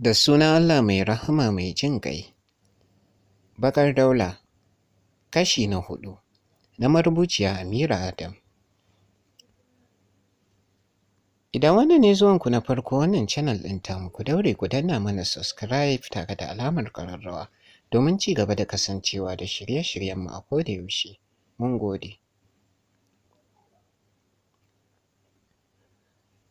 Da suna Allah mai rahama mai jin ƙai. Bakar Daula Kashi na hudu na marubuciya Amira Adam Idan wannan ne zuwanku na farko wannan channel ɗin tamu ku daure ku danna mana subscribe tare da alamar ƙararrawa domin ci gaba da kasancewa da shirye shiryen mu a koda yaushe. Mun gode.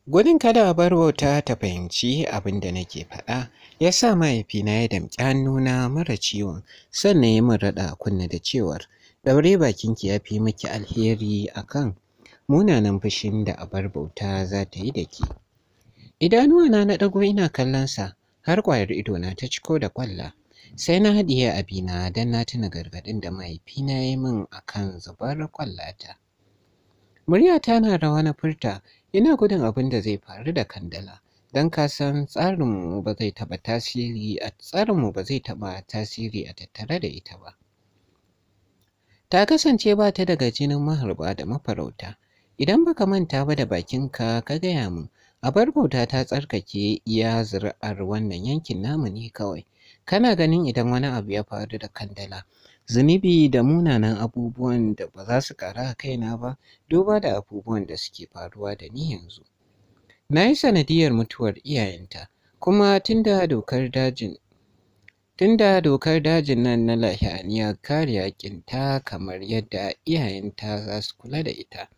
Gudun kada bar bauta ta fahimci abin da nake faɗa, ya sa mahaifina ya damƙi hannuna mara ciwon, sannan ya min raɗa kunna da cewar, ɗaure bakinki ya fi miki alheri a kan munanan fushin da a bar bauta za ta yi da ke. Idanuwana na ɗago ina kallonsa, har ƙwayar idona ta ciko da ƙwalla. Sai na haɗiye abina don na tuna gargaɗin da mahaifina ya yi min kan zubar ƙwallata. Muryata na rawa na furta ina gudun abin da zai faru da kandala don ka san tsarinmu ba zai taɓa tasiri a tsarinmu ba zai taɓa tasiri a tattare da ita ba ta kasance ba ta daga jinin maharba da mafarauta idan baka manta ba da bakinka ka gaya mu, a bar bauta ta tsarkake iya zuri'ar wannan yankin namu ne kawai kana ganin idan wani abu ya faru da kandala zunubi da munanan abubuwan da ba za su ƙara a kaina ba duba da abubuwan da suke faruwa da ni yanzu. Na yi sanadiyar mutuwar iyayenta kuma tunda dokar dajin dokar dajin nan na lahiyaniyar kare ta kamar yadda iyayenta za su kula da ita.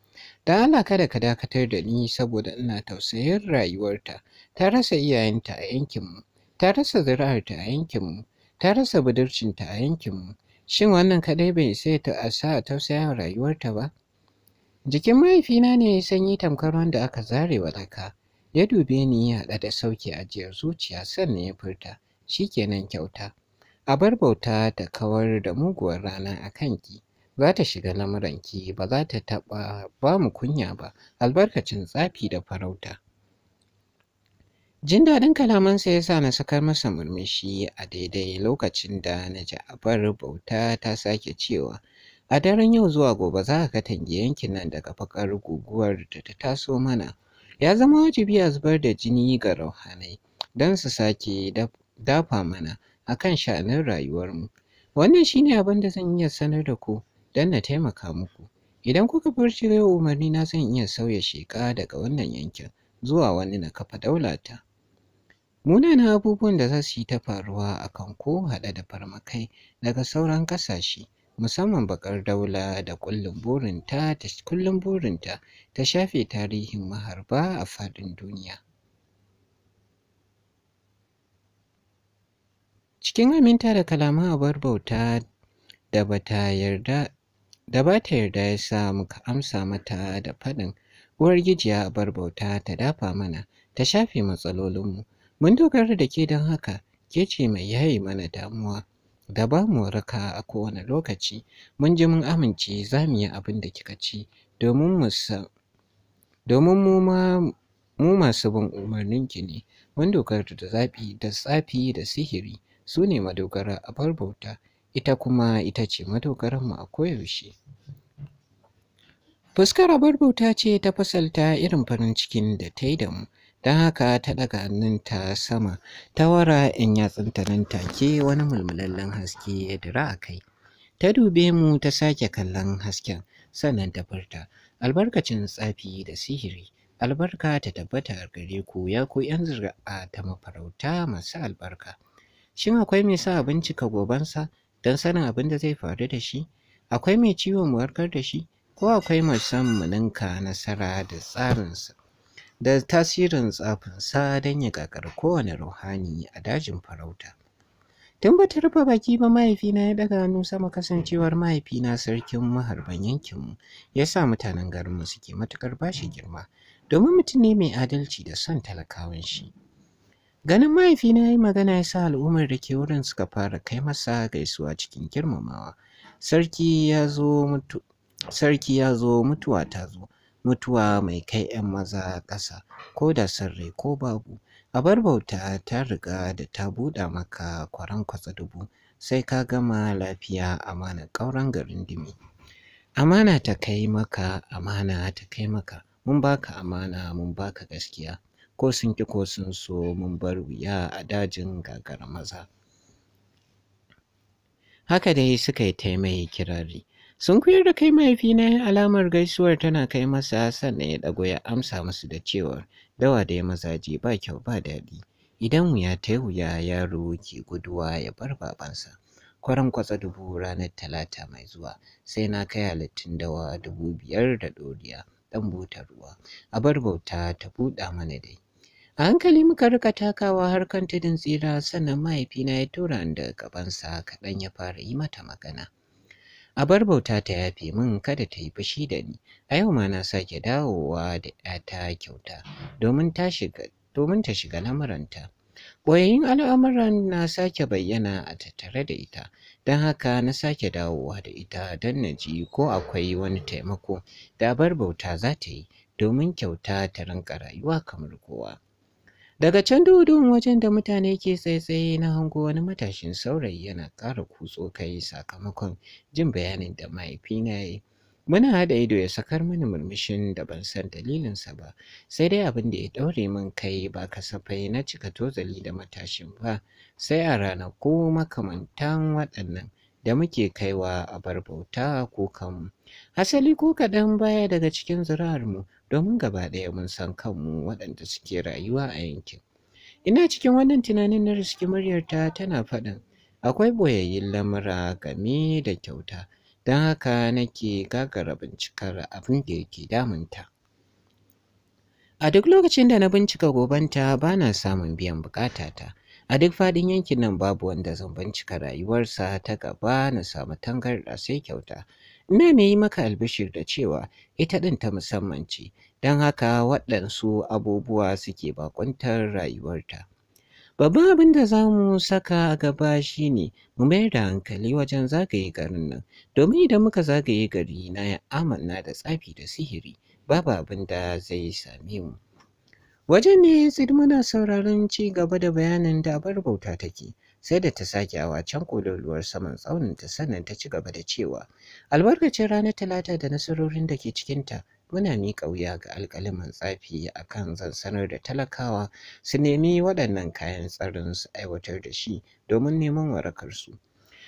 Da Allah kada ka dakatar da ni saboda ina tausayin rayuwarta. Ta rasa iyayenta a yankinmu, ta rasa zuri'arta a yankinmu, ta rasa budurcinta a yankinmu, Shin wannan kaɗai bai isa a sa a tausaya rayuwarta ba? Jikin mahaifina ne ya sanyi tamkar wanda aka zare wa laka Ya dube ni ya haɗa da sauke ajiyar zuciya sannan ya furta. shi kenan kyauta. A bar bauta ta kawar da muguwar rana a kanki. Za ta shiga lamuranki ba za ta taɓa ba mu kunya ba albarkacin tsafi da farauta. Jin daɗin kalamansa ya sa na sakar masa murmushi a daidai lokacin da na ji abar Bauta ta sake cewa a daren yau zuwa gobe za ka katange yankin nan daga fakar guguwar da ta taso mana. Ya zama wajibi a zubar da jini ga rauhanai don su sake dafa mana a kan sha'anin rayuwarmu. Wannan shi ne abin da zan iya sanar da ku don na taimaka muku. Idan kuka furci umarni na zan iya sauya sheƙa daga wannan yankin zuwa wani na kafa daulata. munanan abubuwan da za su yi ta faruwa a kan ko haɗe da farmakai daga sauran ƙasashe musamman baƙar daula da kullum burinta ta shafe tarihin maharba a faɗin duniya cikin aminta da kalama abar bauta da ba ta yarda ya sa muka amsa mata da faɗin uwar gijiya abar bauta ta dafa mana ta shafe matsalolinmu Mun dogara da ke don haka, ke ce mai yaye mana damuwa da ba mu raka a kowane lokaci. Mun ji mun amince za mu yi abin da kika ci, domin mu masu bin umarninki ne. Mun dogara da zaɓi da tsafi da sihiri su ne madogara a bar bauta. Ita kuma ita ce mu a koyaushe. Fuskar abar bauta ce ta fasalta irin farin cikin da ta yi da mu. don haka ta daga hannunta sama ta wara in yatsunta nan take wani mulmulallen haske ya dira a kai ta dube mu ta sake kallon hasken sannan ta furta albarkacin tsafi da sihiri albarka ta tabbata a gare ku ya ku yan zuri'a ta mafarauta masu albarka shin akwai mai sa bincika gobansa don sanin abin da zai faru da shi akwai mai ciwon warkar da shi ko akwai mai son mu ninka nasara da tsarinsa da tasirin tsafinsa don ya kakar kowane ruhani a dajin farauta. Tun ba rufe baki ba mahaifina ya daga hannu sama kasancewar mahaifina sarkin maharban yankinmu ya sa mutanen garinmu suke matukar bashi girma domin mutum ne mai adalci da son talakawan shi. Ganin mahaifina ya yi magana ya sa al'ummar da ke wurin suka fara kai masa gaisuwa cikin girmamawa. Sarki ya zo mutuwa ta zo. mutuwa mai kai 'yan maza ƙasa ko da sirri ko babu a bar bauta ta riga da ta buɗa maka kwaran kwatsa dubu sai ka gama lafiya amana ƙauren garin dimi amana ta kai maka amana ta kai maka mun baka amana mun baka gaskiya ko sun ki ko sun so mun bar wuya a dajin gagar maza haka dai suka yi taimai kirari Sun kuyar da kai mahaifina alamar gaisuwar tana kai masa sannan ya ɗago ya amsa musu da cewar dawa da ya mazaje ba kyau ba daɗi. Idan wuya ta yi wuya yaro ke guduwa ya bar babansa. Kwaran kwatsa dubu ranar talata mai zuwa sai na kai halittun dawa dubu biyar da ɗoriya ɗan butar ruwa. A bar bauta ta buɗa mana dai. A hankali muka rika takawa har kan tudun tsira sannan mahaifina ya tura ni daga gabansa kaɗan ya fara yi mata magana. a bar bauta ta yafe min kada ta yi fushi da ni a yau ma na sake dawowa da ‘yata kyauta domin ta shiga domin ta shiga lamuranta ɓoyayyun al'amuran na sake bayyana a tattare da ita don haka na sake dawowa da ita don na ji ko akwai wani taimako da bar bauta za ta yi domin kyauta ta rinka rayuwa kamar kowa Daga can dudun wajen da mutane ke tsaye na hango wani matashin saurayi yana ƙara kutso kai sakamakon jin bayanin da mahaifina ya yi. Muna haɗa ido ya sakar mini murmushin da ban san dalilinsa ba, sai dai abin da ya ɗaure min kai ba kasafai na cika tozali da matashin ba, sai a ranaku makamantan waɗannan. da muke kaiwa a bar bauta ko kanmu. Hasali ko kaɗan baya daga cikin zurarmu domin gaba ɗaya mun san kanmu waɗanda suke rayuwa a yankin. Ina cikin wannan tunanin na riski muryarta tana faɗin akwai boyayyin lamura game da kyauta don haka nake gagara bincikar abin da yake damunta. A duk lokacin da na bincika gobanta ba na samun biyan bukatata, A duk faɗin yankin nan babu wanda zan bincika rayuwarsa ta gaba na samu tangarɗa sai kyauta. Ina mai yi maka albishir da cewa ita ɗin ta musamman ce, don haka waɗansu abubuwa suke bakuntar rayuwarta. Babban abin da za mu saka a gaba shi ne mu mayar da hankali wajen zagaye garin nan, domin idan muka zagaye gari na ya amanna da tsafi da sihiri babu abin da zai same mu. Wajen ne tsid muna sauraron ci gaba da bayanin da abar bauta take, sai da ta sake a wacan kololuwar saman tsaunin ta sannan ta ci gaba da cewa albarkacin ranar talata da nasarorin da ke cikinta muna miƙa wuya ga alƙaliman tsafi a kan sanar da talakawa su nemi waɗannan kayan tsarin su aiwatar da shi domin neman warakarsu.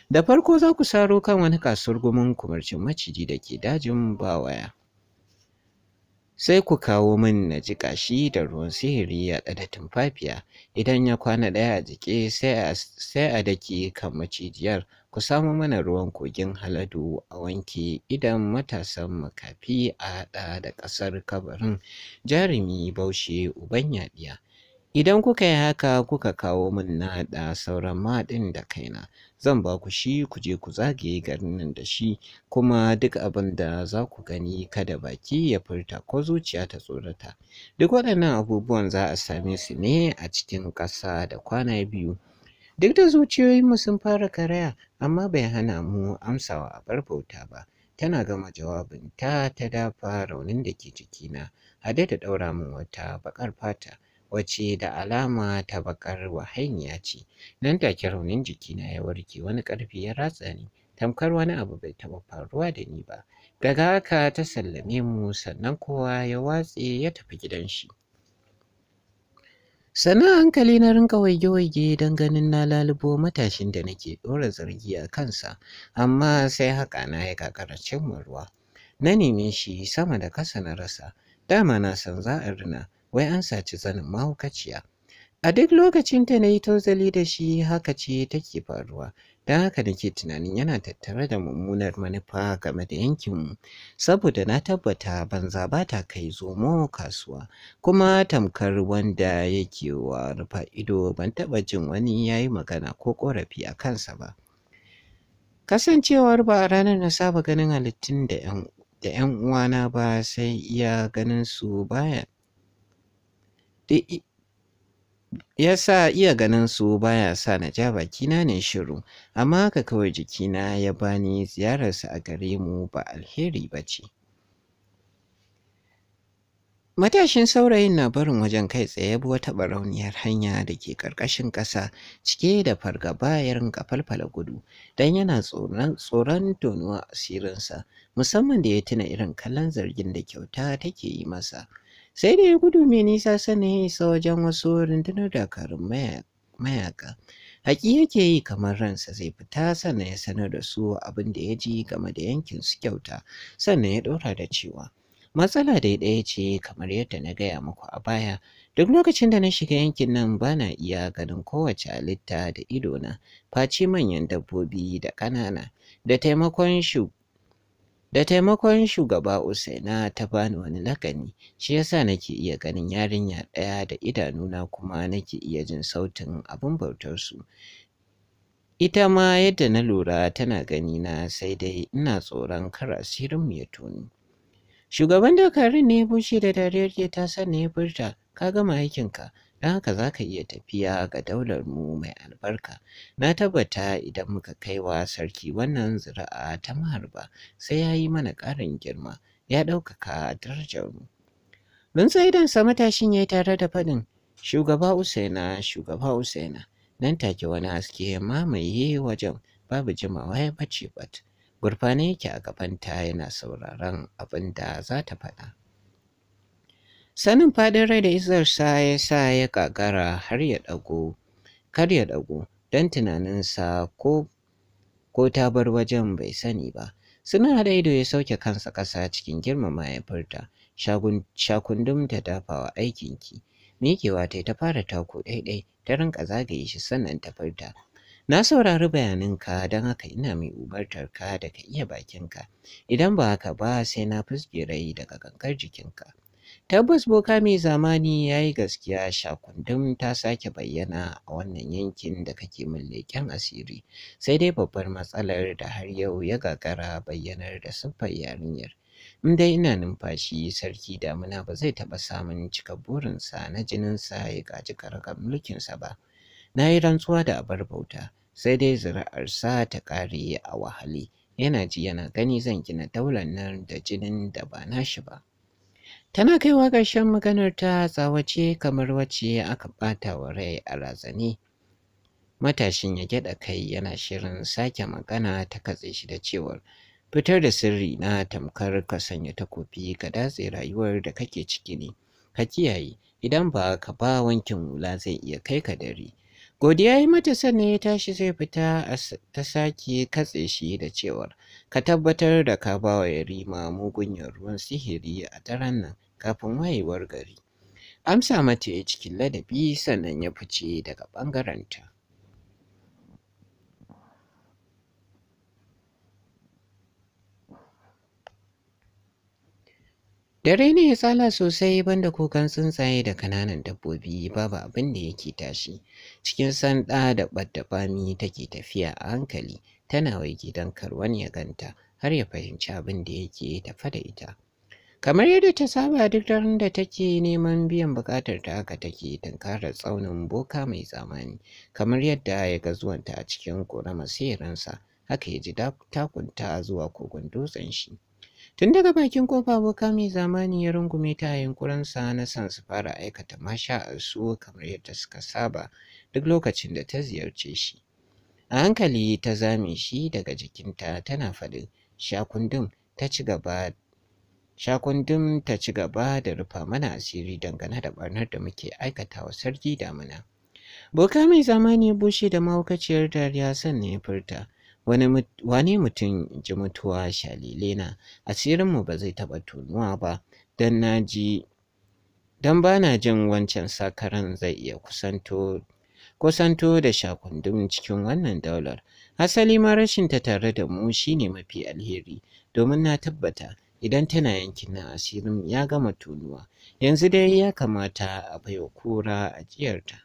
Da farko za ku saro kan wani kasuwar gumin kumarcin maciji da ke dajin bawaya. sai ku kawo min na ji kashi da ruwan sihiri ya da tumfafiya idan ya kwana ɗaya a jike sai a daki kan macijiyar ku samo mana ruwan kogin haladu a wanke idan matasan makafi a haɗa da ƙasar kabarin jarumi baushe uban yaɗiya idan kuka yi haka kuka kawo min na haɗa sauran maɗin da kaina zan ba ku shi ku je ku zagaye garin nan da shi kuma duk abin da za ku gani kada baki ya furta ko zuciya ta tsorata duk waɗannan abubuwan za a same su ne a cikin ƙasa da kwana biyu duk da mu sun fara karaya amma bai hana mu amsawa a bar bauta ba tana gama jawabin ta ta dafa raunin da ke jikina hade da ɗaura min wata baƙar fata wacce da alama ta bakar wahainiya ce nan take raunin jikina ya warke wani ƙarfi ya ratsa ni tamkar wani abu bai taɓa faruwa da ni ba daga haka ta sallame mu sannan kowa ya watse ya tafi gidan shi sannan hankali na rinka waige-waige don ganin na lalubo matashin da nake ɗora zargi a kansa amma sai haka na ya kakara cin ruwa na neme shi sama da kasa na rasa dama na san za a rina wai an saci zanin mahaukaciya a duk lokacin da na yi tozali da shi haka ce take faruwa don haka nake tunanin yana tattare da mummunar manufa game da yankinmu saboda na tabbata banza ba ta kai zomo kasuwa kuma tamkar wanda yake wa rufa ido ban taba jin wani ya yi magana ko korafi a kansa ba kasancewar ba a ranar na saba ganin halittun da 'yan uwana ba sai iya ganin su baya Eh, ya sa iya ganin su baya sa na ja bakina ne shiru amma haka kawai jikina ya bani ziyararsa a gare mu ba alheri ba ce matashin saurayin na barin wajen kai tsaye bi wata barauniyar hanya da ke ƙarƙashin ƙasa cike da fargaba ya rinka falfala gudu don yana tsoron tonuwa asirinsa musamman da ya tuna irin kallon zargin da kyauta take yi masa sai da ya gudu mai nisa sani ya isa wajen wasu rundunar dakarun mayaka haƙi yake yi kamar ransa zai fita sannan ya sanar da su abin da ya ji game da yankin su kyauta sannan ya ɗora da cewa matsala dai ɗaya ce kamar yadda na gaya muku a baya duk lokacin da na shiga yankin nan ba na iya ganin kowace halitta da idona face manyan dabbobi da ƙanana da taimakon Da taimakon shugaba Usaina ta bani wani lakani, shi yasa nake iya ganin yarinya ɗaya da idanuna kuma nake iya jin sautin abin bautar su. Ita ma yadda na lura tana gani na sai dai ina tsoron kar mu ya tuni Shugaban dakarun ne bushe da dariyar ke ta sani ya furta, ka gama aikinka, don haka za ka iya tafiya ga daular mu mai albarka na tabbata idan muka kai wa sarki wannan zuri'a ta maharba sai ya yi mana ƙarin girma ya ɗaukaka darajar mu don sai idan sa matashin ya yi tare da faɗin shugaba usaina shugaba usaina nan take wani haske mamaye wajen babu jimawa ya bace bat gurfane yake a gabanta yana sauraron abin da za ta faɗa Sanin faɗin rai da izarsa ya sa ya ƙaƙara har ya ɗago, kar ya ɗago don tunaninsa ko ko ta bar wajen bai sani ba. Suna hada ido ya sauke kansa ƙasa cikin girmama ya furta, shakundum ta dafawa aikin aikinki. Mikewa ta ta fara tako ɗaiɗai ta rinka zagaye shi sannan ta furta. Na saurari bayaninka don haka ina mai umartar ka da ka iya bakinka, idan ba haka ba sai na fusge daga gangar jikinka. Tabbas boka mai zamani ya yi gaskiya shakundum ta sake bayyana a wannan yankin da kake min leƙen asiri sai dai babbar matsalar da har yau ya gagara bayyanar da siffar yarinyar. In dai ina numfashi sarki damuna ba zai taɓa samun cika burinsa na jininsa ya gaji karakar mulkinsa ba. Na yi rantsuwa da abar bauta sai dai zira'arsa ta ƙare a wahali, yana ji yana gani zan gina daular nan da jinin da ba nashi ba. Tana kaiwa ƙarshen maganar ta tsawace kamar wacce aka ɓata wa rai a razani. Matashin ya gyaɗa kai yana shirin sake magana ta katse shi da cewar fitar da sirri na tamkar ka sanya takofi ka datse rayuwar da kake ciki ne. Ka kiyaye idan ba ka ba wankin hula zai iya kai ka dare. Godiya yi mata sannan ya tashi zai fita ta sake katse shi da cewar ka tabbatar da ka ba wa yarima mugunyar ruwan sihiri a daren nan kafin wayewar gari. Amsa mata ya cikin ladabi sannan ya fice daga ɓangarenta. Dare ne ya tsala sosai banda kukan tsuntsaye da kananan dabbobi babu abin da yake tashi. Cikin sanda da ɓaddabami take tafiya a hankali tana waigidan gidan karwan ya ganta har ya fahimci abin da yake tafa da ita. Kamar yadda ta saba duk daren da take neman biyan bukatar ta haka take tunkara tsaunin boka mai zamani kamar yadda ya ga zuwanta a cikin ƙorama sai haka ya ji takunta zuwa kogon dutsen shi. Tun daga bakin kofa boka mai zamani ya rungume ta a yunkuransa na son su fara aikata masha a su kamar yadda suka saba duk lokacin da ta ziyarce shi. A hankali ta zame shi daga jikinta tana faɗin shakundum ta ci gaba da rufa mana asiri dangane da barnar da muke aikatawa sarki damuna. Boka mai zamani ya bushe da mahaukaciyar dariya sannan ya furta. wani mutum ji mutuwa shalile na asirinmu ba zai taɓa tunuwa ba don na ji don ba na jin wancan sakaran zai iya kusanto kusanto da shakundum cikin wannan daular asali ma rashin ta tare da mu shine mafi alheri domin na tabbata idan tana yankin na asirin ya gama tunuwa yanzu dai ya kamata a baiwa kura ajiyarta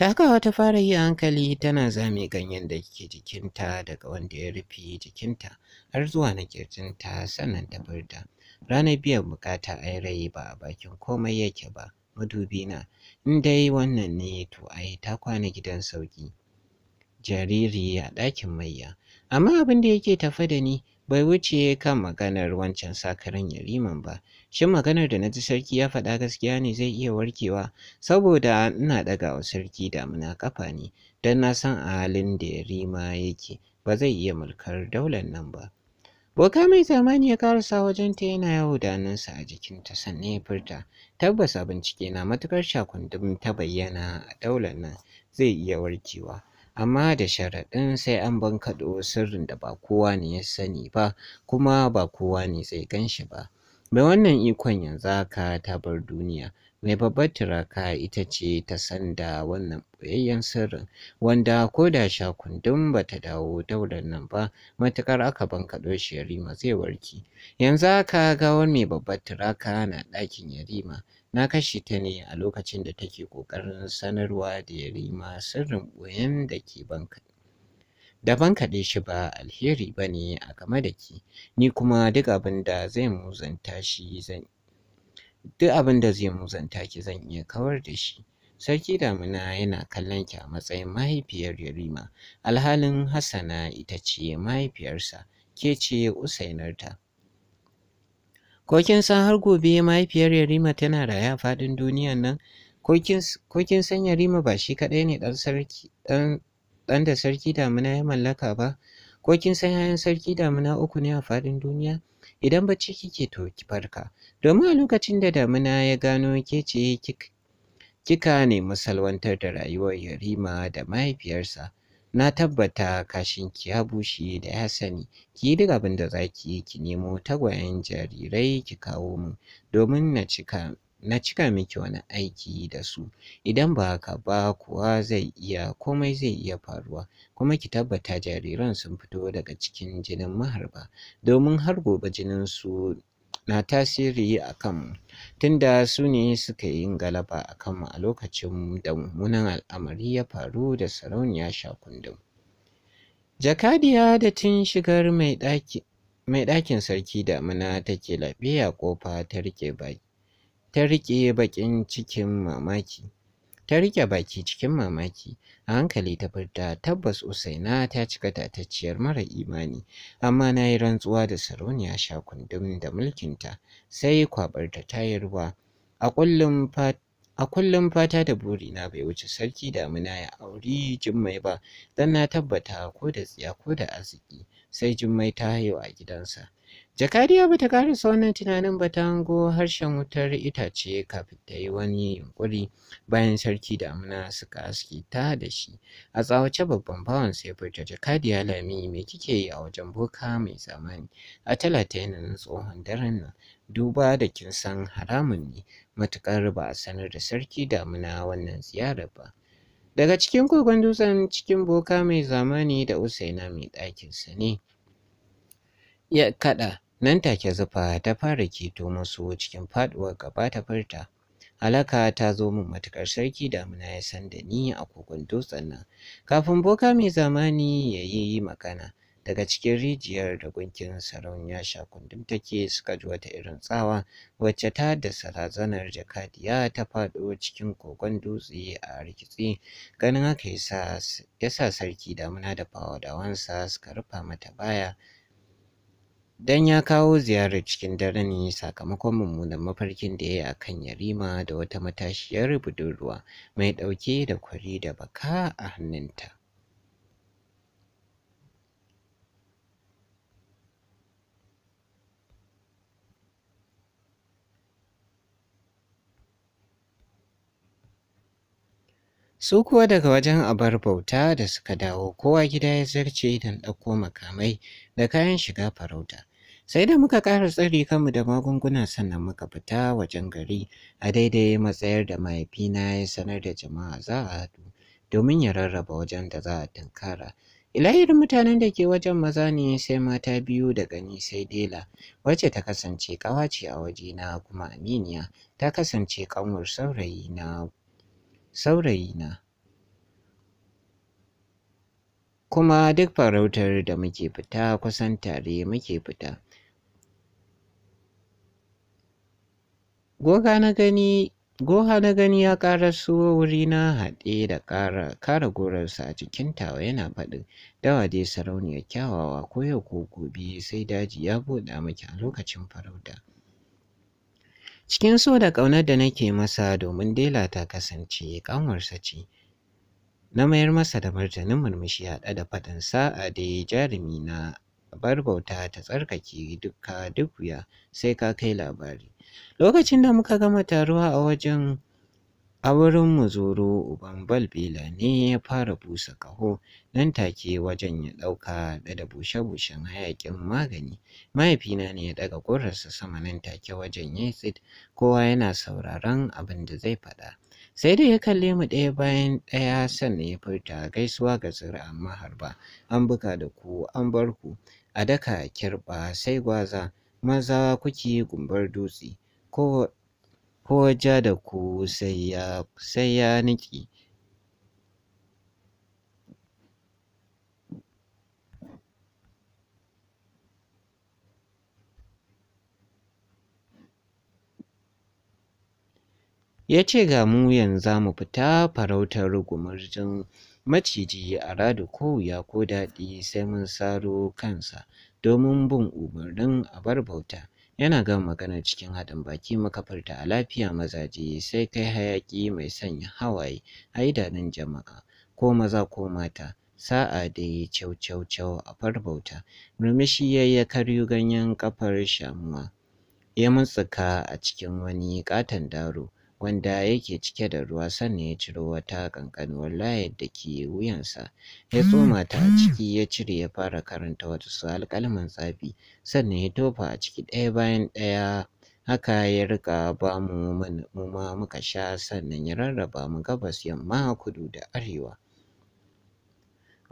Ta kawo ta fara yi hankali tana zame ganyen da ke jikinta daga wanda ya rufe jikinta har zuwa na kirjinta sannan ta furta. Ranar biyan bukata a rai ba a bakin komai yake ba madubi na in dai wannan ne to ai ta kwana gidan sauki. Jariri a ɗakin mayya amma abin da yake tafa da ni bai wuce kan maganar wancan sakaran yariman ba shin maganar da na ji sarki ya faɗa gaskiya ne zai iya warkewa saboda ina ɗaga wa sarki damuna kafa ne don na san a halin da yarima yake ba zai iya mulkar daular nan ba boka mai zamani ya karasa wajen ta yana yawo da hannunsa a jikinta sannan ya furta tabbas a bincike na matukar shakundum ta bayyana a daular nan zai iya warkewa amma da sharaɗin sai an bankaɗo sirrin da ba kowa ne ya sani ba kuma ba kowa ne zai gan shi ba. Mai wannan ikon yanzu haka ta bar duniya, mai babbar turaka ita ce ta san da wannan ɓoyayyen sirrin wanda ko da sha kundin ba ta dawo daular nan ba matuƙar aka bankaɗo shi yarima zai warke. Yanzu haka gawar mai babbar turaka na ɗakin yarima Na kashe ta ne a lokacin da take ƙoƙarin sanarwa da Yarima sirrin ɓoyen da ke banka. Da kaɗe shi ba alheri ba ne a game da ki, ni kuma duk abin da zai muzanta shi zan duk abin da zai muzanta ki zan iya kawar da shi. Sarki Damina yana kallon ki a matsayin mahaifiyar Yarima, alhalin Hassana ita ce mahaifiyarsa, ke ce usainarta. Ko kin san har gobe mahaifiyar Yarima tana raya faɗin duniyan nan? Ko kin san Yarima ba shi kaɗai ne ɗan da sarki damuna ya mallaka ba? Ko kin san yayan sarki damina uku ne a faɗin duniya? Idan bacci kike to ki farka. Domin a lokacin da damina ya gano ke ce kika ne salwantar da rayuwar Yarima da mahaifiyarsa. na tabbata kashin ki ya bushe da ya sani ki yi duk abin da za ki yi ki nemo tagwayen jarirai ki kawo min domin na cika na cika miki wani aiki da su idan ba haka ba kuwa zai iya komai zai iya faruwa kuma ki tabbata jariran sun fito daga cikin jinin maharba domin har gobe jinin su na tasiri a kanmu tunda su ne suka yi galaba a kanmu a lokacin da mummunan al'amari ya faru da sarauniya shakundum jakadiya da tun shigar mai ɗakin sarki damina take laɓe a ƙofa ta riƙe baƙin cikin mamaki ta riƙe baki cikin mamaki a hankali ta furta tabbas usaina ta cika tatacciyar mara imani amma na yi rantsuwa da sarauniya sha kundum da mulkinta sai kwabarta ta yi ruwa a kullum fata da buri na bai wuce sarki damuna ya auri jummai ba don na tabbata ko da tsiya ko da arziki sai jummai ta haihu a gidansa Jakadiya bata karasa wannan tunanin ba ta hango harshen wutar itace kafin ta yi wani yunƙuri bayan sarki damuna suka aski ta da shi. A tsawace babban bawan sai furta jakadiya lami mai kike yi a wajen boka mai zamani a talatainin tsohon daren nan duba da kin san haramun ne matuƙar ba a sanar da sarki da damuna wannan ziyarar ba. Daga cikin kogon dutsen cikin boka mai zamani da usaina mai ɗakin sa ne. ya kaɗa nan take zufa ta fara keto musu cikin faɗuwar gaba ta furta. Alaka ta zo min matuƙar sarki damuna ya san da ni a kogon dutsen nan. Kafin boka mai zamani ya yi magana daga cikin rijiyar da gunkin sarauniya sha kundum take suka ji wata irin tsawa wacce ta da sarazanar jakadiya ta faɗo cikin kogon dutse a rikitsi ganin haka ya sa sarki damuna da fawadawansa suka rufa mata baya Dan ya kawo ziyarar cikin dare ne sakamakon mummunan mafarkin da ya yi a kan Yarima da wata matashiyar budurwa mai ɗauke da kwari da baka a hannunta. Su kuwa daga wajen abar bauta da suka dawo kowa gida ya zarce don ɗauko makamai da kayan shiga farauta. sai da muka ƙara tsari kanmu da magunguna sannan muka fita wajen gari a daidai matsayar da mahaifina ya sanar da jama'a za a haɗu domin ya rarraba wajen da za a tunkara ilahirin mutanen da ke wajen maza ne sai mata biyu da gani sai dela wacce ta kasance ƙawace a wajena kuma aminiya ta kasance ƙanwar saurayina saurayina kuma duk farautar da muke fita kusan tare muke fita Goha na gani ya wuri na haɗe da kara gorarsa a cikin tawa yana faɗi dawa dai sarauniya kyawawa ko yau ko gobe sai daji ya buɗa miki a lokacin farauta. Cikin so da ƙaunar da nake masa domin Dela ta kasance ƙanwarsa ce. Na mayar masa da martanin murmushi haɗe da faɗin sa'a dai jarumi na bar bauta ta tsarkake duka duk wuya sai ka kai labari. Lokacin da muka gama taruwa a wajen a wurin zoro uban bela ne ya fara busa kaho nan take wajen ya ɗauka da bushe-bushen hayaƙin magani mahaifina ne ya ɗaga ƙurarsa sama nan take wajen ya tsit kowa yana sauraron abin da zai faɗa sai dai ya kalle mu ɗaya bayan ɗaya sannan ya furta gaisuwa ga zuri'an amma harba an buga da ku an bar ku a daka kirɓa sai gwaza maza kuke gumbar dutse ko ja da ku sai ya sai ya ce ga mu yanzu mu fita farautar rugumurjin maciji a radu ko wuya ko daɗi sai mun saro kansa domin bin umarnin abar bauta. Yana gama magana cikin haɗin baki makafarta a lafiya mazaje sai kai hayaƙi mai sanya hawaye a idanun jama'a ko maza ko mata. Sa'a da ya cau cau a farbauta, murmushi ya yi karyo ganyen ƙafar shamuwa. Ya mutsuka a cikin wani ƙaton daro. wanda yake cike da ruwa sannan ya ciro wata ƙanƙanuwar layar da ke wuyansa ya mm. tsoma ta a mm. ciki ya cire ya fara karanta wata su alƙalman tsafi sannan ya tofa a ciki ɗaya bayan ɗaya haka ya riƙa ba mu muma muka sha sannan ya rarraba mu gabas yamma kudu da arewa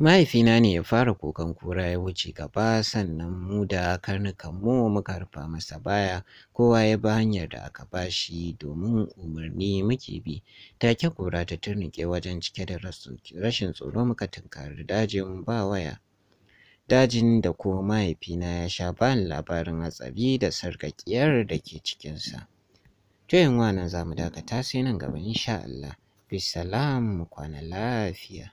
mahaifina ne ya fara kokan kura ya wuce gaba sannan mu da karnukan mu muka rufa masa baya kowa ya bi hanyar da aka bashi domin umarni muke bi take kura ta turnuke wajen cike da rashin tsoro muka tunkari dajin ba waya dajin da ko mahaifina ya sha bani labarin hatsari da sarƙaƙiyar da ke cikinsa to yanwa nan za mu dakata sai nan gaba insha Allah bisalam mu kwana lafiya